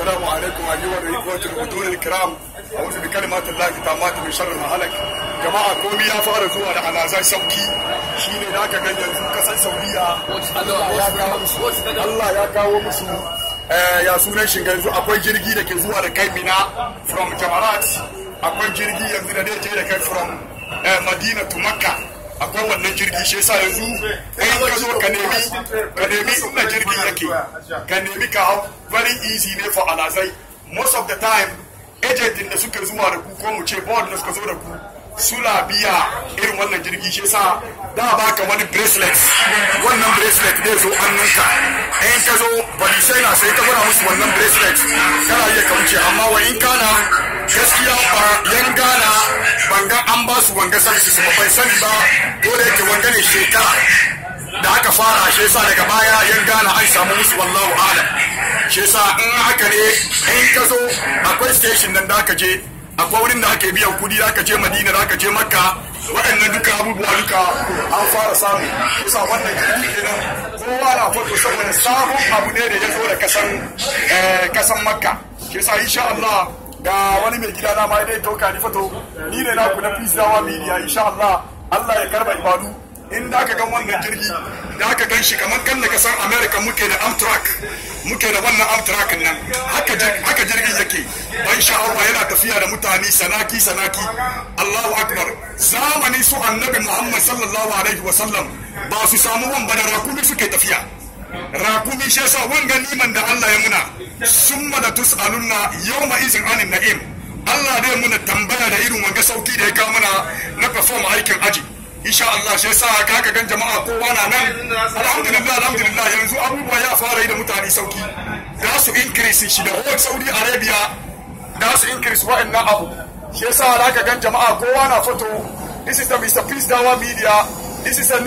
السلام عليكم أيها الإخوة الحضور الكرام أعوذ بكلمات الله التامات من شر ما هلك جماعة كومي يا فار زوا da alazan sauki shine da aka ga yanzu kasar Saudiya Allah ya kawo musu eh, ya sunan shi yanzu akwai jirgi da ke zuwa da kai Mina from Jamarat akwai jirgi yanzu da dai je da kai from eh, Madina to Makkah akwai wannan jirgi shi yasa yanzu in ka zo ka nemi ka nemi inda jirgi yake ka nemi ka hau very easy ne for alazai most of the time ejentin da suka zuwa da ku ko mu ce board da suka zo da ku su biya irin wannan jirgi shi yasa da ba ka wani bracelet wannan bracelet ne zo hannunka in ka zo balishai na sai ka gwada musu wannan bracelet kana iya kamce amma wa in kana gaskiya san shi kuma bai sani ba ko da yake wanda ne shekara da aka fara shi yasa daga baya yan gana an samu musu wallahu alam shi yasa in haka ne in ka zo akwai station nan da aka je akwai wurin da ake biyan kudi da aka je madina da aka je makka waɗannan duka abubuwa duka an fara samu kusa wannan jirgi kenan kowa na fato saboda sabon abu ne da ya zo da kasan eh, makka shi yasa insha Allah ga wani mai gida na ma dai to fato ni ne na naku na fisawa media insha Allah Allah ya karba ibadu in da ka gan wannan jirgi da ka gan shi kamar kan ka san America muke da Amtrak muke da wannan Amtrak nan haka haka jirgin yake ban sha Allah yana tafiya da mutane sanaki sanaki Allahu akbar zamani su annabi Muhammad sallallahu alaihi sallam ba su samu ban bada rakumi suke ta kuma shi yasa wanga niman da Allah ya muna summa da tus'alunna yawma izin anin na'im Allah dai muna tambaya da irin wanga sauki da ya ka muna na perform aikin aji insha Allah shi yasa ka ka gan jama'a kowa na nan alhamdulillah alhamdulillah yanzu abubuwa ya fara yi da mutane sauki da su increase shi da whole Saudi Arabia da su increase wa'annan abu shi yasa ka gan jama'a kowa na foto this is the Mr. Peace Dawa Media this is a